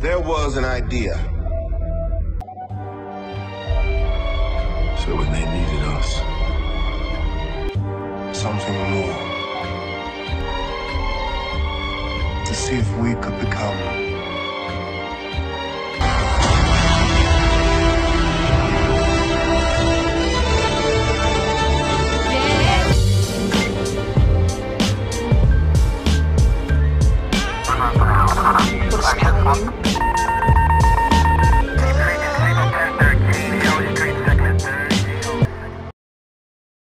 There was an idea. So when they needed us, something more. To see if we could become Thank you.